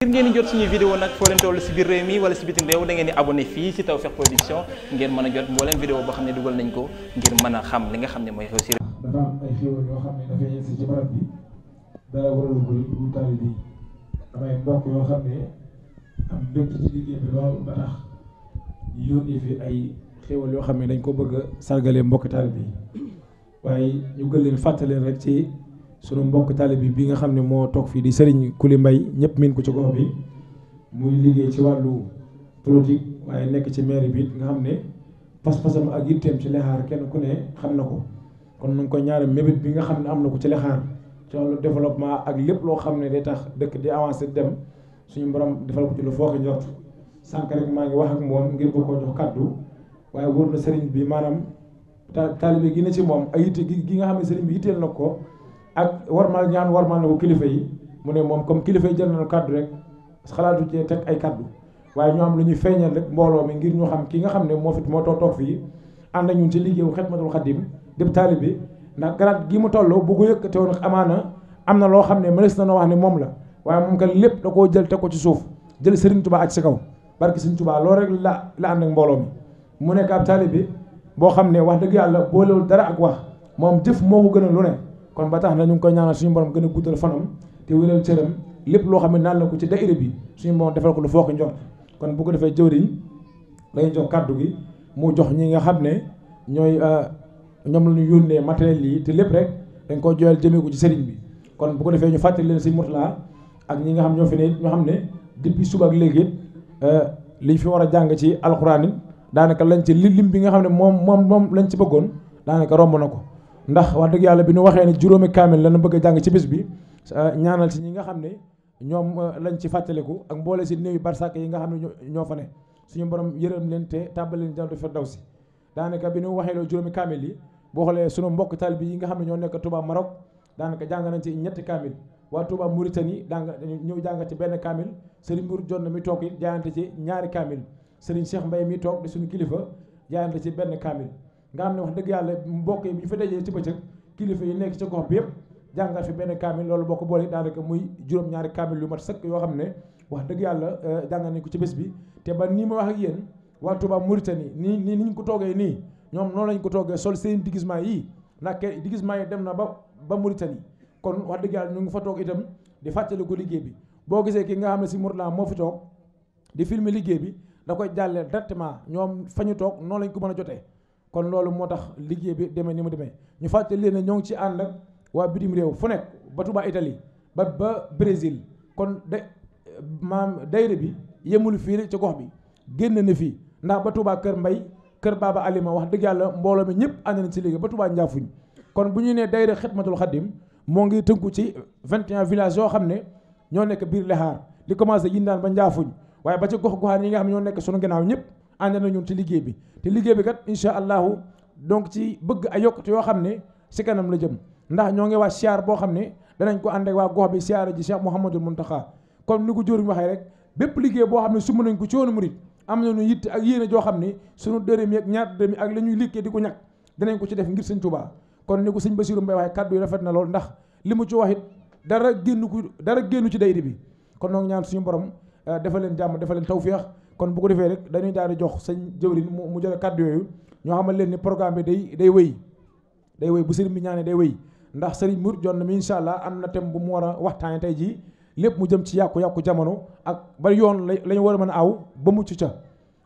ngir ngeen di jot suñuy vidéo nag foo leen toll si biir réew mi wala si bitim réew da ngeen di abonné fii si Tawfekh Production ngeen mën a jot mbooleem vidéo boo xam ne dugal nañ ko ngir mën a xam li nga xam ne mooy xew si réew dafa yoo xam ne dafay yegsi ci barab bi dara waral ko lu taalibe yi damay yoo xam ne am mbégte fi ay xéwal yoo xam ne dañ ko bëgg a sargalee mbokk taalibe yi waaye ñu gën leen fàttaleen rek ci sunu mbokk taalib bi nga xam ne moo toog fii di Serigne Kuli mbay ñëpp miin ko ci gox bi muy liggéey ci wàllu politique waaye nekk ci maire bi nga xam ne pas-pasam ak yitteem ci lexaar kenn ku ne xam na ko kon nu ngi ko ñaare mébét bi nga xam ne am na ko ci lexaar ci wàllu développement ak lépp loo xam ne day tax dëkk di avancé dem suñu borom defal ko ci lu fooxi njort sànq rek maa ngi wax ak moom ngir boo ko jox kàddu waaye wóor na sëriñ bi maanaam taalibe gi ne ci moom ay yitte gi nga xam ne sëriñ bi yitteel ko ak warmal ñaan warmal na ko kilifa yi mu ne moom comme kilifa yi jël nañu kàddu rek xalaatu cee teg ay kàddu waaye ñoo am lu ñuy feeñal rek mbooloo mi ngir ñu xam ki nga xam ne moo fi moo toog toog fii ànd na ñun ci liggéeyu Xidmatul Xadim dib taalib bi ndax garaat gi mu toll bu ko yëkkate woon amaana am na loo xam ne mënees na wax ne moom la waaye moom kat lépp da koo jël teg ko ci suuf jël Serigne Touba ak ci kaw barke Serigne tubaa loolu rek la la mbooloo mi mu nekk ab bi boo xam ne wax dëgg yàlla boolewul dara ak wax moom jëf moo ko gën lu ne kon ba tax na ñu ngi koy ñaanal suñu borom gën a guddal fanam te wéral cëram lépp loo xam ne naan la ko ci daayira bi suñu borom defal ko lu foo ko kon bu ko defee jëwriñ lay jox kàddu gi mu jox ñi nga xam ne ñooy euh, ñoom la ñu yónnee matériel yi te lépp rek dañ koo joyal jëmee ko ci sëriñ bi kon bu ko defee ñu fàttali leen si Mourtala ak ñi nga xam ñoo fi ne ñoo xam ne depuis suba ak léegi euh, liñ fi war a jàng ci alxuraan daanaka lañ ci lim bi nga xam ne moom moom moom lañ ci bëggoon daanaka romb na ko. ndax wax dëgg yàlla bi nu waxee ne juróomi kaamil lañu bëgg jàng ci bis bi euh, ñaanal si ñi nga xam ne ñoom euh, lañ ci fàttaliku ak mboole si néew yi barsak yi nga xam ne ñoo fa ne suñu borom yërëm leen te tàbbal leen jàll firdawsi daanaka bi ñu waxee loolu juróomi kaamil yi boo xoolee suñu mbokk taalibe yi nga xam ne ñoo nekk Touba Maroc daanaka jàng nañ ci ñetti kaamil waa Touba Mauritanie danga ñëw jàng ci benn kaamil Serigne Mbour na mi toog it jaayante ci ñaari kaamil Serigne Cheikh mbay mi toog di suñu kilifa jaayante ci benn kaamil nga xam ne wax dëgg yàlla mbokk yi bu ñu fa dejee ci bëccëg kilifa yi nekk ci gox bi yëpp jàngal fi benn kaamil loolu boo ko boolee daanaka muy juróom-ñaari kaamil yu mat sëkk yoo xam ne wax dëgg yàlla euh, jàngal nañ ko ci bés bi te ba nii ma wax ak yéen waa Touba Mauritanie nii nii ni ñu ko toogee nii ñoom noonu lañ ko toogee sol seen déguisement yi ndax déguisement yi dem na ba ba Mauritanie kon wax dëgg yàlla ñu ngi fa toog itam di fàttali ko liggéey bi boo gisee ki nga xam ne si Mourtala moo fi toog di liggéey bi da koy jàllee directement ñoom fa noonu lañ ko mën a jotee kon loolu moo tax liggéey bi demee ni mu demee ñu fàttali leen ne ñoo ngi ci ànd ak waa bitim réew fu nekk ba Touba Italie ba ba Brésil kon de maam dayre bi yemul fii rek ci gox bi génn na fii ndax ba Touba Kër Mbay Kër Baba Alima wax dëgg yàlla mbooloo mi ñëpp ànd nañ ci liggéey ba Touba Njaafuñ kon bu ñu nee dayre Xidmatul Xaddim moo ngi tënku ci 21 villages yoo xam ne ñoo nekk biir Lexaar li commencé Yindaan ba Njaafuñ waaye ba ci gox goxaan yi nga xam ne nekk sunu gannaaw ñëpp ànd nañu ci liggéey bi te liggéey bi kat incha allahu donc ci bëgg ay yokkute yoo xam ne si kanam la jëm ndax ñoo ngi waa siyaar boo xam ne danañ ko ànd ak waa gox bi siyaara ji Cheikh Mouhamadul Mountakha kon ni ko jóoruñ waxee rek bépp liggéey boo xam ne sumb nañ ko ci yoonu murit am na nañu yitte ak yéene joo xam ni suñu dërëm yi ak ñaar dërëm yi ak la ñuy liggéey di ko ñàkk danañ ko ci def ngir sëñ Tuubaa kon ni ko sëñ Basiru Mbay waxee kàddu yi rafet na lool ndax li ci wax it dara génn ko dara génnu ci dayri bi kon noo ngi suñu borom eh, dafa leen jàmm dafa leen tawféex kon bu ko defee rek dañuy daal di jox sëñ jëwrin mu mu jële kàddu yooyu ñoo xamal leen ni programme bi day day wéy day wéy bu sëriñ bi ñaanee day wéy ndax sëriñ mur jot na mi incha allah am na thème bu mu war a waxtaane tey jii lépp mu jëm ci yàqu-yàqu jamono ak ba yoon la ñu war a mën a aw ba mucc ca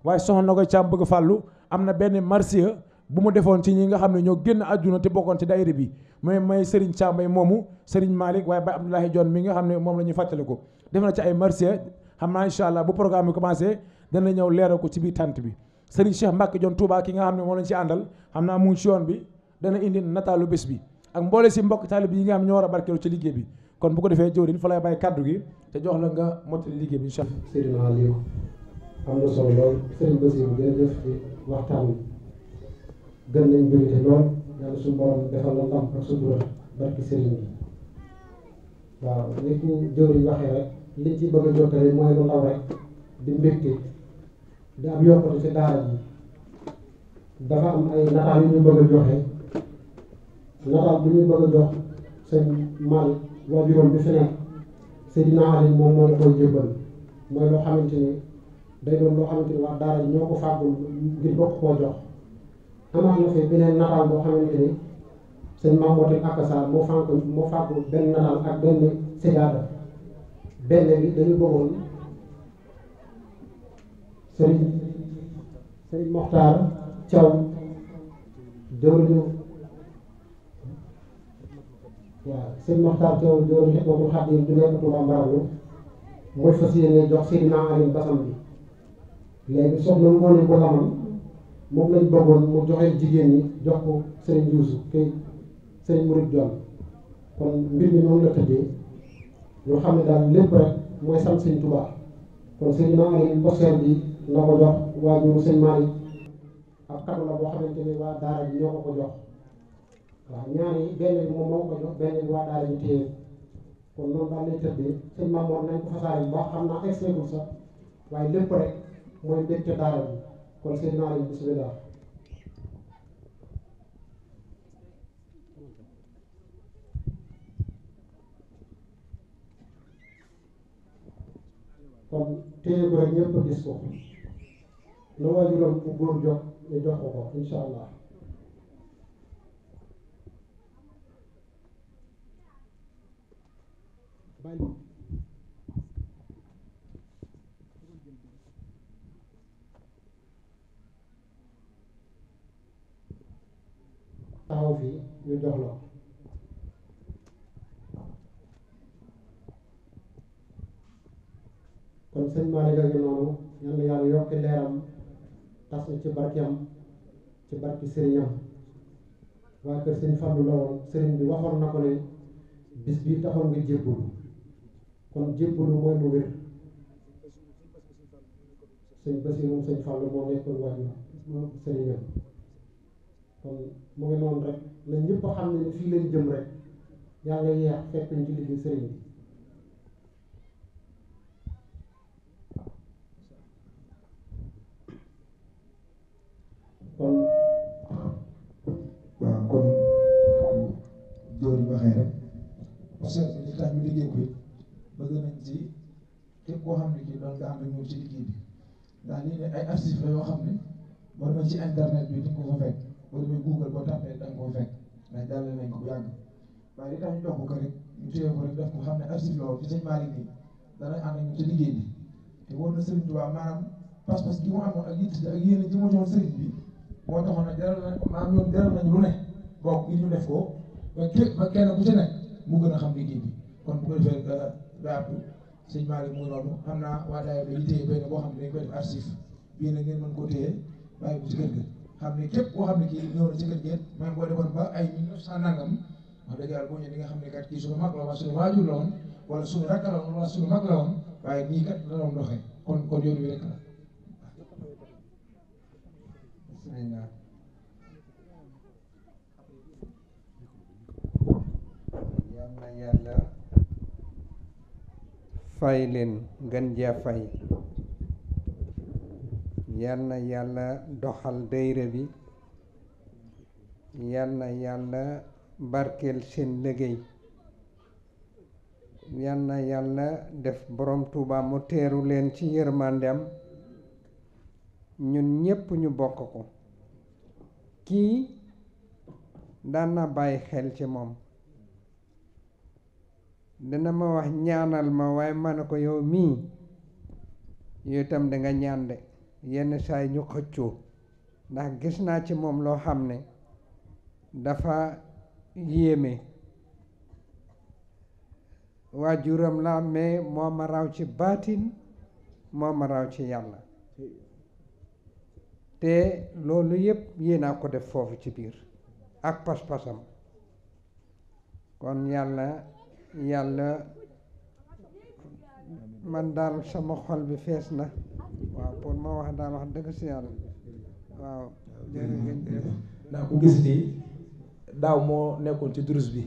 waaye soxna na koy càam bëgg fàllu am na benn marsiya bu mu defoon ci ñi nga xam ne ñoo génn àdduna te bokkoon ci daayira bi mooy may Serigne Thiambay moomu Serigne Malick waaye Baye Abdoulaye Dione mi nga xam ne moom la fàttali ko def na ci ay marché xam naa incha allah bu programme bi commencé dana ñëw leeral ko ci biir tànt bi sëriñ Cheikh Mbacke jon Touba ki nga xam ne moom lañ ci àndal xam naa mu ngi yoon bi dana indi nataalu bés bi ak mboole si mbokk taalib yi nga xam ñoo a barkeelu ci liggéey bi kon bu ko defee jëwriñ fa lay kàddu gi te jox la nga mottali liggéey bi incha allah. sëriñ Aliou waxtaan bi gën nañ bëri te lool yàlla suñu borom defal la ndam ak sutura barki sëriñ bi waaw ni ku jëwriñ waxee rek liñ ci bëgg a jottali mooy lu ndaw rek di mbégte. di am yokkute ci daara ji dafa am ay nataal yu ñu bëgg joxe nataal bu ñu bëgg a jox sëñ mal waajuram bi fi nekk Seydina Ali moom moo la koy jébbal mooy loo xamante ni day doon loo xamante ni waa daara ji ñoo ko fàggul ngir bokk koo jox amaat na fi beneen nataal boo xamante ni sëñ Mahmoud Akassa moo fànk moo fàggul benn nataal ak benn séddaata benn bi dañu bëggoon sëriñ sëriñ Moxtaar Thiaw jëwriñu waaw sëriñ Moxtaar Thiaw jëwriñu Xidmatul Xaadim bi nekk Tuuba Mbaraglu mooy fas yéene jox sëriñ Aliou Basam bi léegi soxna Ngoone ko laman moom lañ bëggoon mu joxe jigéen ñi jox ko sëriñ Yuusu kay sëriñ Murid Joon kon mbir mi noonu la tëddee ñoo xam ne daal lépp rek mooy sant sëriñ Tuubaa kon sëriñ Aliou Basam bi la ko jox waajur sëñ Malick ak kàddu la boo xamante ni waa daara ji ñoo ko ko jox waaw ñaar benn bi moom ko jox benn waa daara ji téye kon noonu daal lay tëddee sëñ Mamour nañ ko sax waaye lépp rek mooy mbégte daara bi kon sëñ Malick bisimilah. kon téye ko rek ñëpp gis ko. la waajuram bu góor jox ñu jox ko ko incha allah taxaw fii ñu jox la kon sëñ Malick a noonu ñaan yàlla yokk leeram tas ci barkeem ci barki sëriñam waa kër sëriñ Fallou la woon bi waxoon na ko ne bis bii taxoon nga jébbalu kon jébbalu mooy mu wér sëñ Basi moom sëñ Fallou moo nekkoon waaju moom sëriñam kon mu ngi noonu rek na ñëpp xam ne fii lañ jëm rek yàlla yeex fekk ñu ci liggéey sëriñ archive la yoo xam ne boo demee ci internet bi di nga ko fa fekk boo demee Google boo tàppee da nga ko fekk ndax jàllale nañ ko bu yàgg waaye li tax ñu jox ko ko rek ñu téye ko rek def ko xam ne archive la woon ci sëñ Malick nii danañ ànd ak ñu ci liggéey bi te woon na Serigne Touba maanaam pas-pas gi mu amoon ak yitte ak yéene ji mu joxoon Serigne bi moo taxoon ne jaral na maanaam ñoom jaral nañu lu ne bokk gi ñu def ko ba képp ba kenn ku ci nekk mu gën a xam liggéey bi kon bu ko defee euh, daa daa sëñ Malick mu noonu xam naa waa daay ba yitte benn boo xam ne dañ koy def archive bii nag ngeen mën koo téye bàyyi ko ci kër ga xam ne képp koo xam ne kii ñëw na ci kër gi même boo demoon ba ay mille neuf cent nangam wax dëgg yàlla boo ñëwee di nga xam ne kat kii suñu mag la wala suñu waajur la woon wala suñu rakk la woon wala suñu mag la woon waaye nii kat la doon doxee kon kon yoon wi rek la bismillah yal na yàlla fay leen ngën jaa fay yal na yàlla doxal dayra bi yal na yàlla barkeel seen liggéey yal na yàlla def boroom Tuuba mu teeru leen ci yërmandeem ñun ñépp ñu bokk ko kii daan na bàyyi xel ci moom dana ma wax ñaanal ma waaye ma ne ko yow mii yow itam danga ñaan de yenn saay ñu xëccoo ndax gis naa ci moom loo xam ne dafa yéeme waajuram la mais moo ma raw ci baatin moo ma raw ci yàlla te loolu yëpp yéenaa ko def foofu ci biir ak pas-pasam kon yàlla yàlla man daal sama xol bi fees na pour ma wax daal wax dëgg si yàlla waaw jërë mm-hmm. ku gis nii daaw moo nekkoon ci durus bi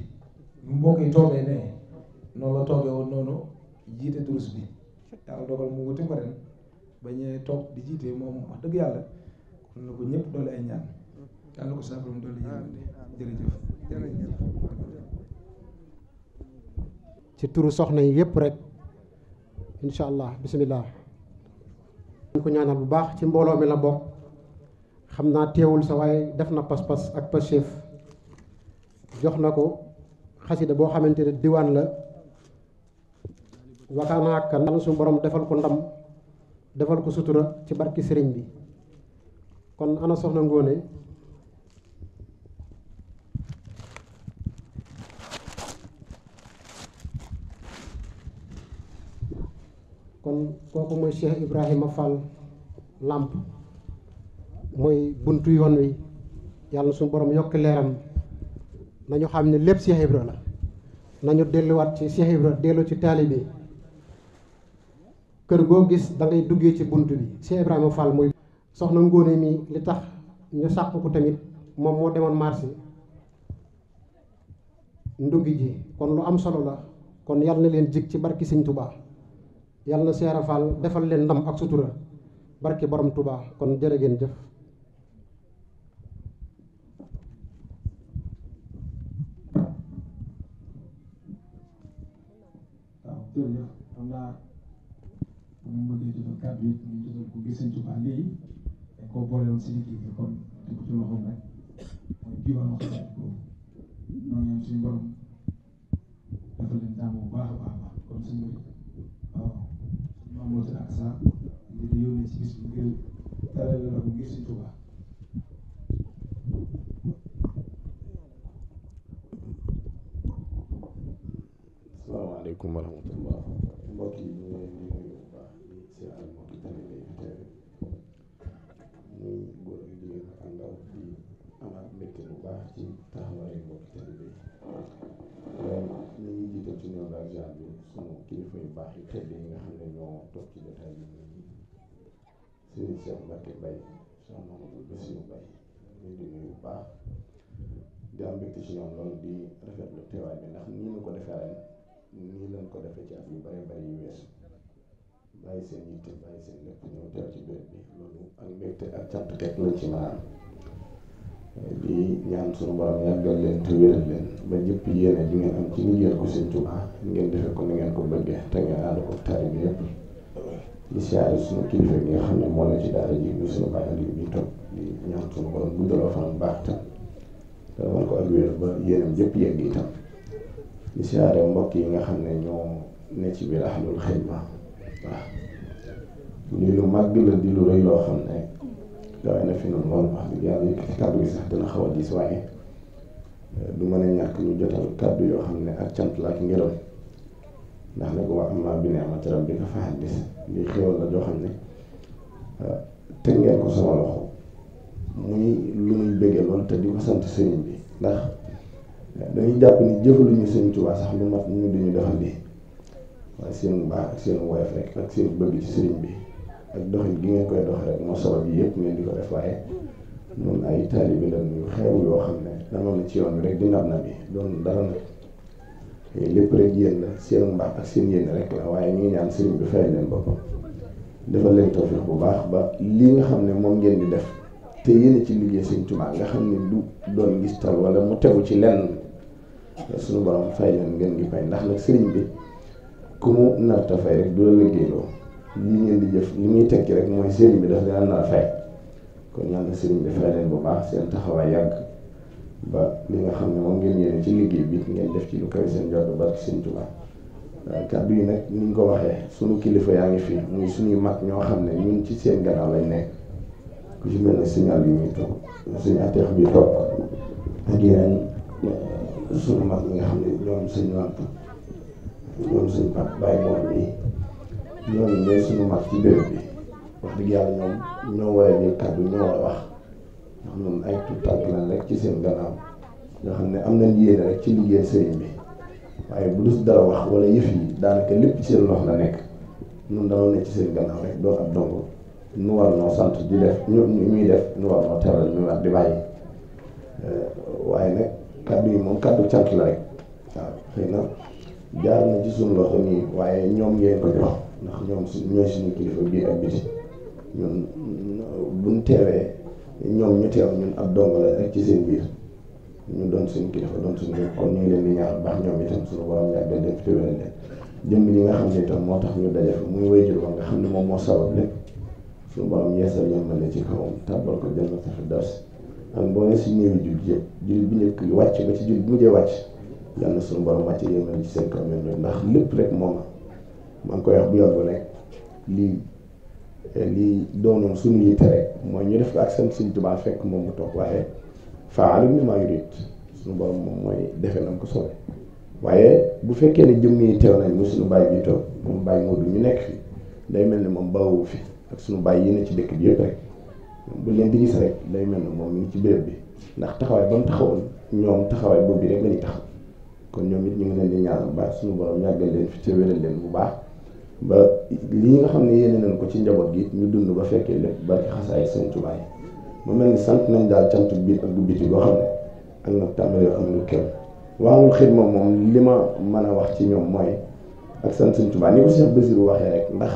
mbokk yi toogee ne noonu la toogee woon noonu jiite durus bi yàlla dogal mu wuti ko ren ba toog di jiite moom wax dëgg yàlla kon na ko ñëpp doole ay ñaan ci turu soxna yi yëpp rek incha allah bisimilah. ko ñaanal bu baax ci mbooloo mi la bo xam naa teewul sa waaye def na pas-pas ak pas jox na ko xasida boo xamante ne diwaan la wakaana ak kan suñu borom defal ko ndam defal ko sutura ci barki sëriñ bi kon ana soxna Ngoone kon kooku mooy Cheikh Ibrahima Fall làmp mooy bunt yoon wi yàlla na suñu borom yokk leeram nañu xam ne lépp Cheikh la nañu delluwaat ci Cheikh Ibra dellu ci taalibe kër goo gis da ngay ci bunt bi Cheikh Ibrahima Fall mooy soxna ngóone mi li tax ñu sàq ko tamit moom moo demoon marché nduggi ji kon lu am solo la kon yàlla na leen jig ci barki Sëñ Tuubaa yàlla na Seera defal leen ndam ak sutura barki borom Touba kon jërë ngeen jëf waaw jërëjëf bi kon di amaat mbégte bu baax ci taxawaayu ngi jiital ci bi sunu kilifa yu baax yu tedd yi nga xam ne ñoo toog ci jotaay bi ñu Serigne Cheikh ngi nuyu baax di am ci ñoom loolu di rafetlu teewaay bi ndax nii la ko defee ren nii lañ ko defee ci at yu bare bari yu weesu bàyyi seen yitte bàyyi seen lépp ñëw teew ci béréb bi loolu ak mbégte ak cant teg lañ ci maanaam di ñaan suñu borom yàggal leen te wéral leen ba ñëpp yéene bi ngeen am ci ko seen Tuubaa ngeen defe ko ni ngeen ko bëggee te ngeen ànd ko taalibe bi yëpp di siyaare suñu kilifa gi nga xam ne moo ne ci daara ji ñu suñu bàyyi Aliou bi baax tam mbokk yi nga xam ne ñoo ne ci biir ahlul xidma waaw lii lu màgg la di lu rëy loo ne waaye nag fi noonu lool wax dëgg yàlla yëkkati kàddu gi sax dana xaw a diis waaye euh, du mën a ñàkk ñu jotal kàddu yoo xam ne ak cant laa ak ngërëm ndax ne ko waa am naa bi ni'mati rabbika fa haddis lii xéwal joo xam ne euh, teg ngeen ko sama loxo muy lool te di ko sant sëriñ bi ndax euh, dañuy jàpp ni jëfaluñu sëriñ Tuubaa sax lu mat ñu duñu defal lii waaye seen baax ak seen woyof rek ak seen bëgg ci sëriñ bi ak doxin gi ngeen koy doxe rek moo sabab yi yëpp ngeen di ko def waaye noonu ay taalibe lan yu xeebu yoo xam ne danoon na ci yoon bi rek di nab na bi doon dara nag lépp rek yéen la seen mbaax ak seen yéen rek la waaye ñu ngi ñaan sëriñ bi fay leen boppam defal leen tawfiq bu baax ba lii nga xam ne moom ngeen di def te yéen ci liggéey sëñ Tuubaa nga xam ne du doon gis tal wala mu tegu ci lenn suñu borom fay leen ngeen ngi fay ndax nag sëriñ bi ku mu narta du la liggéeyloo ñu ngeen di jëf li muy teg tekki rek mooy sëriñ bi daf leen nar kon yàlla sëriñ bi bu baax seen taxawaay yàgg ba li nga xam ne moom ngeen yéene ci ngeen def ci lu kawe seen jot barke sëriñ Tuubaa yi nag ni ñu ko waxee suñu kilifa yaa ngi fi muy suñuy mag ñoo xam ne ñun ci seen gannaaw lañ nekk ku ci mel ne signal yi muy topp suñu ateex bi topp ak yeneen eh, suñu mag yi nga bi ñooñu ñooy suñu mag ci béréb bi wax dëgg yàlla ñoom a jël ci seen gannaaw nga xam ne am nañ yéene rek ci liggéey bi waaye bu dus dara wala yëf yi ci seen loxo la nekk ñun dañoo nekk ci seen gannaaw rek doon sant di def ñu euh, nag kàddu yi moom kàddu cant la rek waaw xëy na jaar na ci suñu loxo nii waaye ñoom ngeen ko jox. ndax ñoom su ñooy suñu kilifa biir ak biti ñun buñ teewee ñoom ñu teew ñun ab dongo la rek ci seen biir ñu doon suñu kilifa doon suñu kon ñu ngi baax ñoom itam suñu borom ñaar day def teewee leen nga xam ne itam moo tax ñu daje fa muy wéyjur xam ne moom moo sabab lépp suñu borom yeesal ñoom na ci kawam tàbbal ko jël na sa das ak boo ne si néewi jul yëpp jul bu njëkk wàcc ba ci jul bu mujjee wàcc yàlla na suñu borom wàcc yéen ci seen kaw ndax lépp rek moom ma ngi koy wax bu yàgg rek lii eh, lii doonoon suñu yitte rek mooy ñu def ko ak seen Sëñ Tuubaa fekk moom mu toog waaye faalu ni maa yurit suñu borom moom mooy defe nañ ko soobee waaye bu fekkee ne jëmm yi teew nañ mu suñu bàyyi bi toog moom bàyyi moo ñu nekk fi day mel ne moom bawu fi ak suñu bàyyi yéen ci dëkk bi yëpp rek bu leen di gis rek day mel ni moom mi ngi ci béréb bi ndax taxawaay ba mu taxawoon ñoom taxawaay boobu rek la ñuy taxaw kon ñoom it ñu ngi leen di ñaanal baax suñu borom yàggal leen fi leen bu baax ba lii nga xam ne yéene nañ ko ci njaboot gi ñu dund ba fekkee ba barki xasaay seen tubaay mu mel ni sant nañ daal cant biir ak bu biti boo xam ne ak nag tàmbali yoo xam ne lu li ma mën a wax ci ñoom mooy ak sant seen tubaay ni ko Cheikh Basirou waxee rek ndax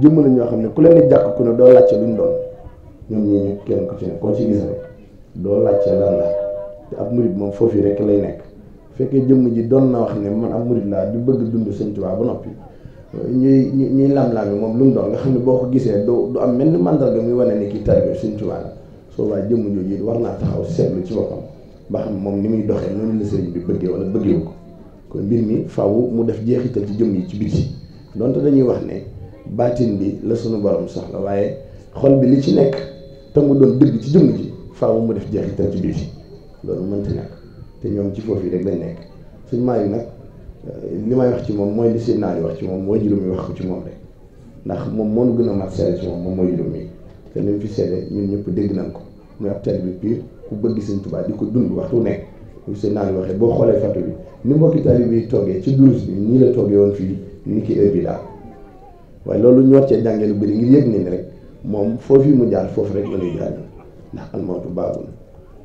jëmm la ñoo xam ne leen di ku ne doo làcce luñ doon ñoom ñii ñu kenn ko ci ne koo ci gis rek doo làcce lan murit moom foofu rek lay nekk fekkee jëmm ji doon na wax ne man ab murit laa di bëgg dund seen tubaay ba noppi ñuy ñuy lam-lami moom lu mu doon nga xam ne boo ko gisee du du am menn mandarga muy wane ne kii taalibe Sëriñ Tuubaa la soo waa jëmm jooju it war naa taxaw seetlu ci boppam ba xam moom ni muy doxee noonu la sëriñ bi bëggee wala bëggeewu ko kon mbir mi faaw mu def jeexital ci jëmm yi ci biti donte dañuy wax ne baatin bi la suñu borom soxla waaye xol bi li ci nekk te mu doon dëgg ci jëmm ji faaw mu def jeexital ci biti loolu mënta ñàkk te ñoom ci foofu yi rek lañ nekk suñ maa yi nag Euh, li may wax ci moom mooy li seen naa yi wax ci moom mooy juróom yi wax ko ci moom rek ndax moom moo nu gën a mat seede ci moom moom mooy juróom yi te li mu fi seede ñun ñëpp dégg nañ ko muy ab bi pire ku bëgg seen tubaab di ko dund waxtu nekk lu seen naa yi waxee boo xoolee fatu bi ni mbokki tali bi toggee ci durus bi nii la toggee woon fii ni ki heure bi daal loolu ñu war cee jàngee lu bëri ni rek moom foofu mu jaar foofu rek la ñuy jaar ndax almawtu baabun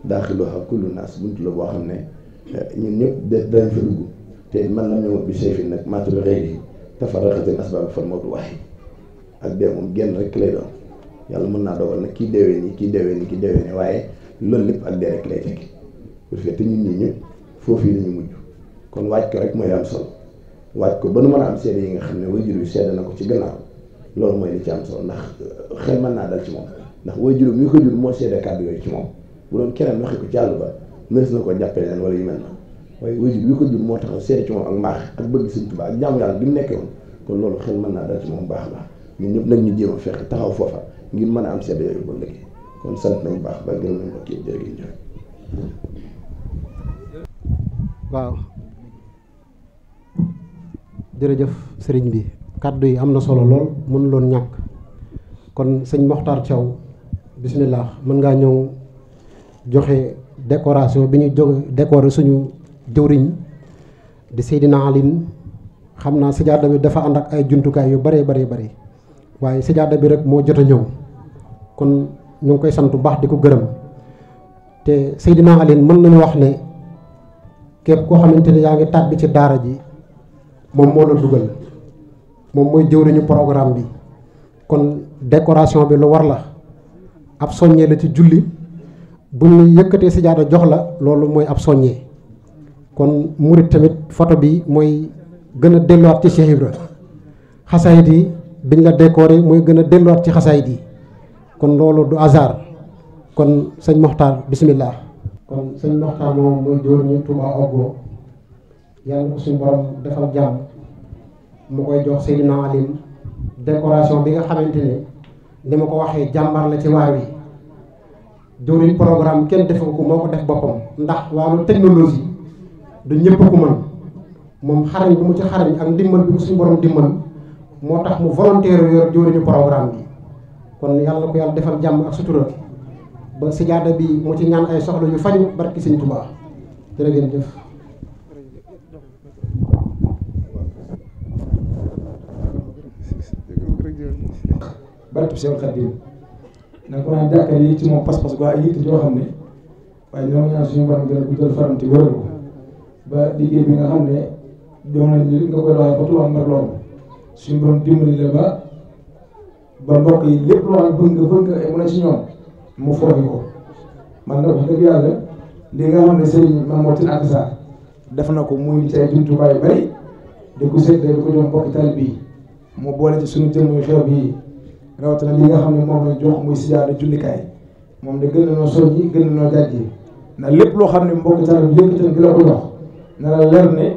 daaxiluha kullu naas buntu la boo xam ne euh, ñun ñëpp dañ fa dugg te man la ñëwoon bi sayfi nag matul rëy bi tafarraqatil asbaab fan moo du waxi ak dee moom gen rek lay doon yàlla mën naa dogal nag kii deewee nii kii deewee nii kii deewee nii waaye loolu lépp ak dee rek lay tekki bu fekkee te ñun ñii ñëpp foofu yi la ñu mujj kon waaj ko rek mooy am solo waaj ko ba nu mën a am seede yi nga xam ne wajur yu seede na ko ci gannaaw loolu mooy li ci am solo uh, naa dal ci moom ndax wajur mi ko jur moo seede kàddu yooyu ci moom bu doon keneen waxe ko ci àll ba mës na ko jàppee leen wala yu mel na waaye wajur wi ko jur moo tax seede ci ak mbaax ak bëgg sëñ Tuubaa ak jaamu yàlla bi mu nekkee woon kon loolu xel mën naa dal ci moom baax a baax ñun ñëpp nag ñu jéem a fexe taxaw foofa ngir mën a am seede yooyu ba léegi kon sant nañu baax ba gën nañ mbokk yi jërëjëf waaw jërëjëf sëriñ bi kàddu yi am na solo lool mënuloon ñàkk kon sëñ Moxtaar caw bisimilah mën ngaa ñëw joxe décoration bi ñu jóg décoré suñu jëwriñ di Seydina Aline xam naa sajaada bi dafa ànd ak ay jumtukaay yu bëree bëri bëri waaye sajaada bi rek moo jot a ñëw kon ñu ngi koy sant bu baax di ko gërëm te Seydina Aline mën nañu wax ne képp koo xamante ne yaa ngi tàbbi ci daara ji moom moo la dugal moom mooy jëwriñu programme bi kon décoration bi lu war la ab soññee la ci julli bu ñu yëkkatee sajaada jox la loolu mooy ab soññee kon murit tamit photo bi mooy gën a delluwaat ci Cheikh Ibra yi biñ la décoré mooy gën a delluwaat ci xasaayit yi kon loolu du hasard kon sëñ Moxtaar bismillah kon sëñ Moxtaar moom mooy jóor ñu Touba Ogo yàlla ko suñu borom defal jàmm mu koy jox Seydina Alim décoration bi nga xamante ne ni ma ko waxee jàmbar la ci waar wi jóorin programme kenn defu ko moo ko def boppam ndax wàllu technologie du ñëpp ku mën moom xarañ bu mu ci xarañ ak ndimbal bi mu suñu borom dimbal moo tax mu volontaire yor jëwriñu programme bi kon yàlla ko yàlla defal jàmm ak sutura ba sijaada bi mu ci ñaan ay soxla yu faju barki sëñ Tuubaa jërë ngeen jëf barkib Seex Xaadim na ko naan jàkkar yi ci moom pas-pas gu ay yitte yoo xam ne waaye ñoo ngi ñaan suñu borom gën a guddal faram te wéral ko ba liggéey bi nga xam ne jox nga koy doxal ba tubaab nga lool suñu mbokk yi lépp bëgg nga bëgg nga mu ne dëgg yàlla li nga xam ne Serigne Mamadou Tine Anta def na ko muy ci ay jumtukaay mbokk taalibe yi mu boole ci suñu jëmm yu xew li nga xam ne moom la jox muy siyaare jullikaay moom de gën na noo gën na noo jàjji ndax lépp loo xam ne mbokk taalibe yëkkatan bi la ko jox na la leer ne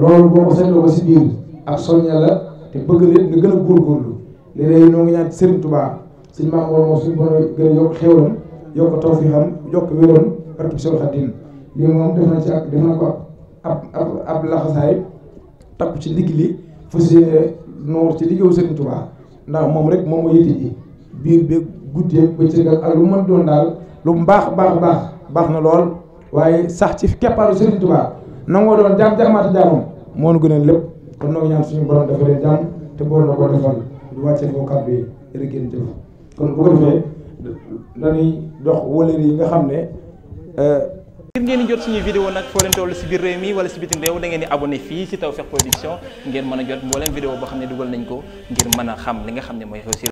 loolu boo ko seetloo si biir ak soñña la te bëgg nit nga gën a góorgóorlu léeg-léeg noo ngi ñaan ci Serigne Touba suñ maam wala moom suñu borom gën a yokk xéwalam yokk taw fi xam yokk wéroon barke Seexul Xadiim lii moom def na ci na ko ab ab ab ci ndigg li fu si ci liggéeyu ndax moom rek moom moo yëti ji biir beeg guddeeg bëccëg ak lu mën doon daal lu baax baax baax baax na lool waaye sax ci keppaaru Serigne Touba. nangoo doon jaam jaamaata jaamam moo nu gënal lépp kon noo ñaan suñu borom dafa leen jaam te bool na ko defal du wàccee foo kàddu kon bu ko defee dañuy dox wëlër yi nga xam ne euh, ngir ngeen di jot suñuy vidéo nag foo leen toll si biir réew mi wala si bitim réew da di abonné fii si Tawfekh Production ngeen mën a jot mbooleem vidéo boo xam ne dugal nañ ko ngir mën a xam li nga xam ne mooy réussir